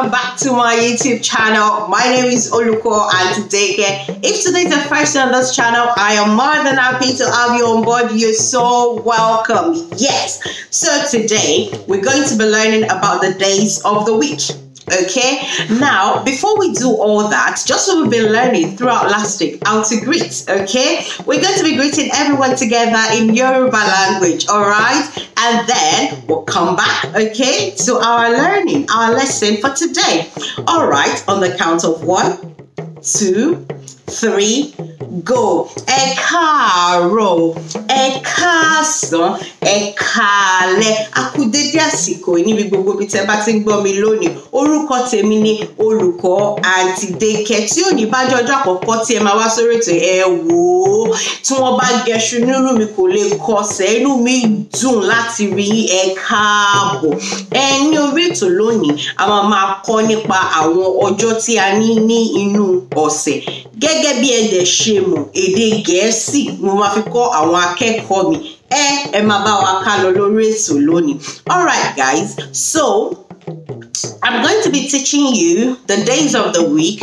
welcome back to my youtube channel my name is oluko and today again if today is the first on this channel i am more than happy to have you on board you're so welcome yes so today we're going to be learning about the days of the week Okay, now before we do all that, just what we've been learning throughout last week, how to greet. Okay, we're going to be greeting everyone together in Yoruba language, all right? And then we'll come back, okay, to our learning, our lesson for today. All right, on the count of one, two, three go A káàárọ̀ a káàsán a káalẹ́ A àsìkò níbi gbogbo bí tẹ́ bá ti ń gbọ́ mi lónìí orúkọ tèmi ni olùkọ́ àǹtí Dékẹ́ tí òní bá jẹ́ ọjọ́ àkọ́kọ́ tí ẹ máa wá sórí ètò ẹ wò ó tí wọ́n bá mi kò lè kọsẹ̀ inú mi dùn láti rí ẹ káàbọ̀ ẹ ní orí ètò lónìí a máa máa kọ́ nípa àwọn ọjọ́ tí a ní ní inú ọ̀sẹ̀ gẹ́gẹ́ bí ẹ dẹ̀ ṣe mọ̀ èdè gẹ̀ẹ́sì mo máa fi kọ́ àwọn akẹ́kọ̀ọ́ mi ẹ ẹ máa bá wa ká lọ lórí ètò lónìí alright guys so. I'm going to be teaching you the days of the week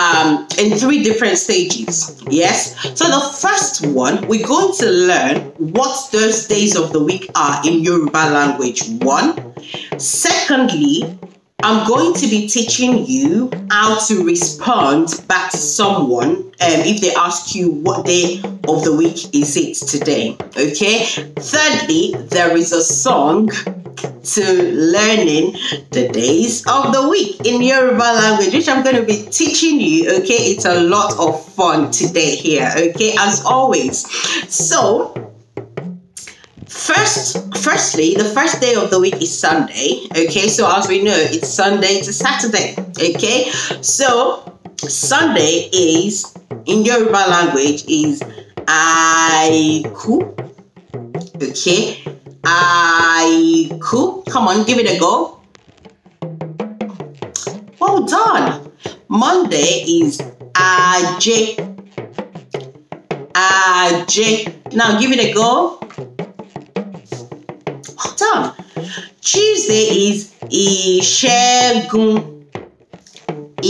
um, in three different stages. Yes. So the first one, we're going to learn what those days of the week are in Yoruba language. One. Secondly, I'm going to be teaching you how to respond back to someone um, if they ask you what day of the week is it today. Okay. Thirdly, there is a song to learning the days of the week in Yoruba language, which I'm going to be teaching you. Okay. It's a lot of fun today here. Okay. As always. So, First, firstly, the first day of the week is Sunday. Okay, so as we know, it's Sunday to Saturday. Okay, so Sunday is in Yoruba language is Aiku. Okay, Aiku. Come on, give it a go. Well done. Monday is Aj. Aj. Now give it a go. say is ishegun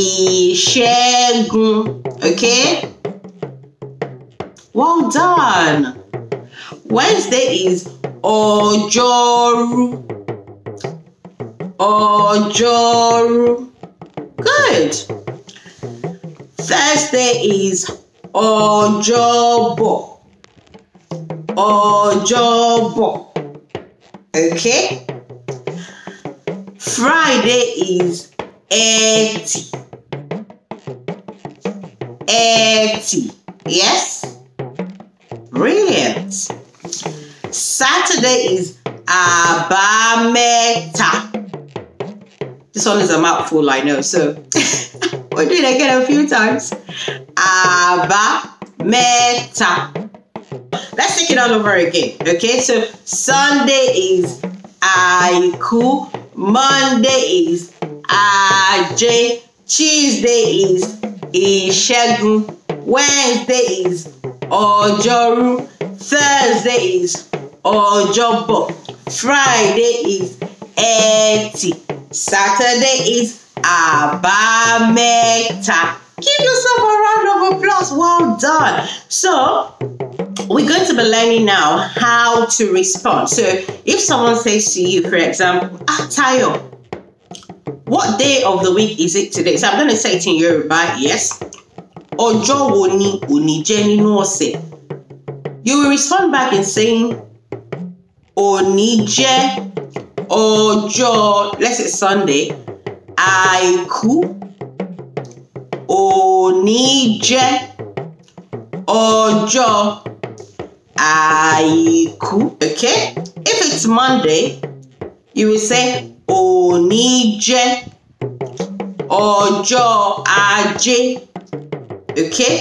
ishegun, Okay? Well done. Wednesday is Ọjọ́rú. Ọjọ́rú. Good. Thursday is Ọjọ́bọ̀. Ọjọ́bọ̀. Okay? Friday is 80. 80. Yes? Brilliant. Saturday is Abameta. This one is a mouthful, I know, so we did it again a few times. Abameta. Let's take it all over again. Okay, so Sunday is Aiku Monday is Aj. Tuesday is Ìṣẹ́gun. Wednesday is Ojoru. Thursday is Ojobo. Friday is Ẹtì. Saturday is Àbámẹ́ta. Give yourself a round of applause. Well done. So, we're going to be learning now how to respond. So if someone says to you, for example, ah, Tayo, what day of the week is it today? So I'm going to say it in Yoruba, yes. Ojo woni oni jeni no You will respond back in saying, Oni je, ojo, let's say Sunday, aiku, oni je, ojo, Aiku. Okay? If it's Monday, you will say Onije. Ojo Aje. Okay?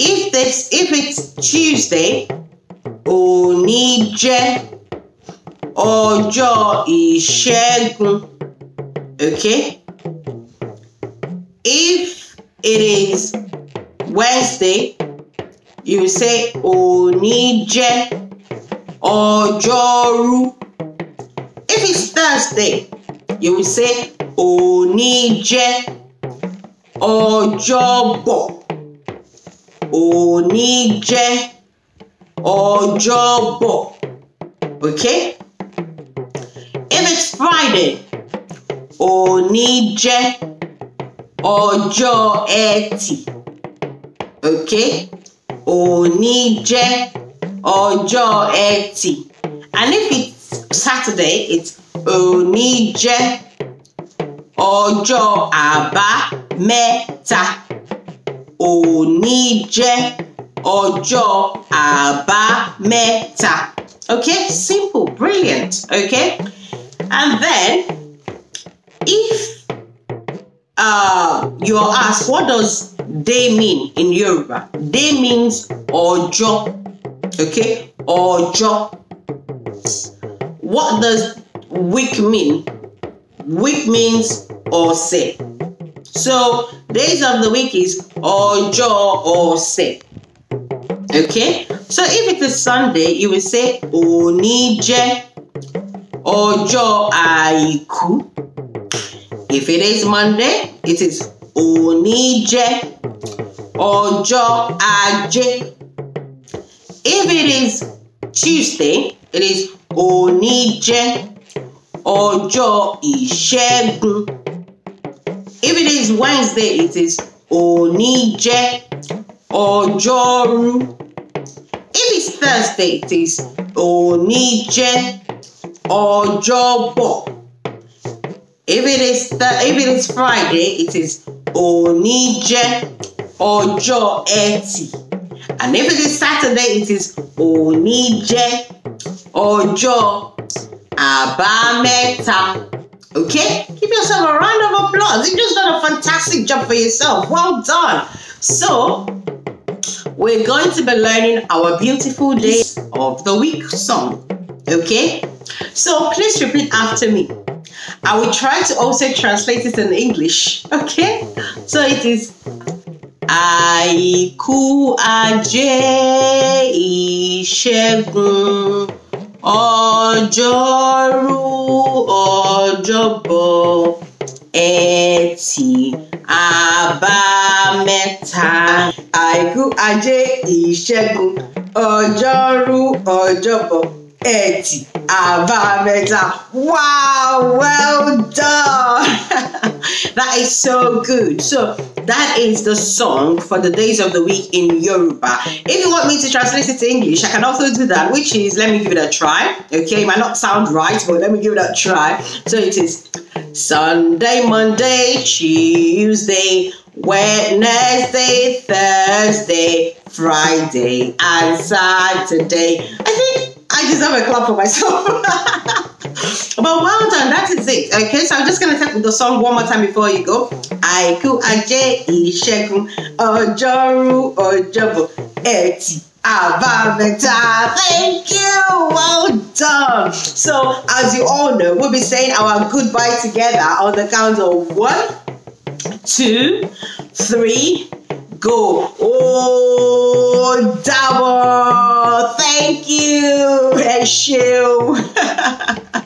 If this if it's Tuesday, Onije. Ojo Ishegun. Okay? If it is Wednesday, you will say Onije Ojoru. If it's Thursday, you will say Onije Ojobo. Onije Ojobo. Okay? If it's Friday, Onije jẹ́ ọjọ́ Okay? Òní jẹ́ ọjọ́ Ẹtì. And if it's Saturday, it's òní jẹ́ ọjọ́ Aba Òní jẹ́ ọjọ́ Meta. Okay, simple, brilliant. Okay, and then if uh, you're asked, what does they mean in Yoruba. They means ojo. Okay, ojo. What does week mean? Week means ose. So days of the week is ojo ose. Okay, so if it is Sunday, you will say onije ojo aiku. If it is Monday, it is onije Ojo Aje. If it is Tuesday, it is Onije. Ojo Ishegun. If it is Wednesday, it is Onije. Ojoru. If it's Thursday, it is Onije. Ojobo. If it is th- if it is Friday, it is Onije. Ojo Eti. And if it is Saturday, it is Onije Ojo Abameta. Okay? Give yourself a round of applause. You just done a fantastic job for yourself. Well done. So, we're going to be learning our beautiful days of the week song. Okay? So, please repeat after me. I will try to also translate it in English. Okay? So, it is àìkú ajé ìṣègùn ọjọ́rú ọjọ́bọ̀ ẹtì àbámẹ́ta. àìkú ajé ìṣègùn ọjọ́rú ọjọ́bọ̀ ẹtì àbámẹ́ta. wow well done that is so good so. That is the song for the days of the week in Yoruba. If you want me to translate it to English, I can also do that, which is let me give it a try. Okay, it might not sound right, but let me give it a try. So it is Sunday, Monday, Tuesday, Wednesday, Thursday, Friday, and Saturday. I think I deserve a clap for myself. but well done, that is it. Okay, so I'm just gonna take the song one more time before you go àìkú ajé ìṣẹ́gun ọjọ́rú ọjọ́bọ̀ ẹtì àbámẹ́ta thank you well done so as you all know we'll be saying our goodbye together on the count of one two three go Oh, double. thank you ẹ ṣeun.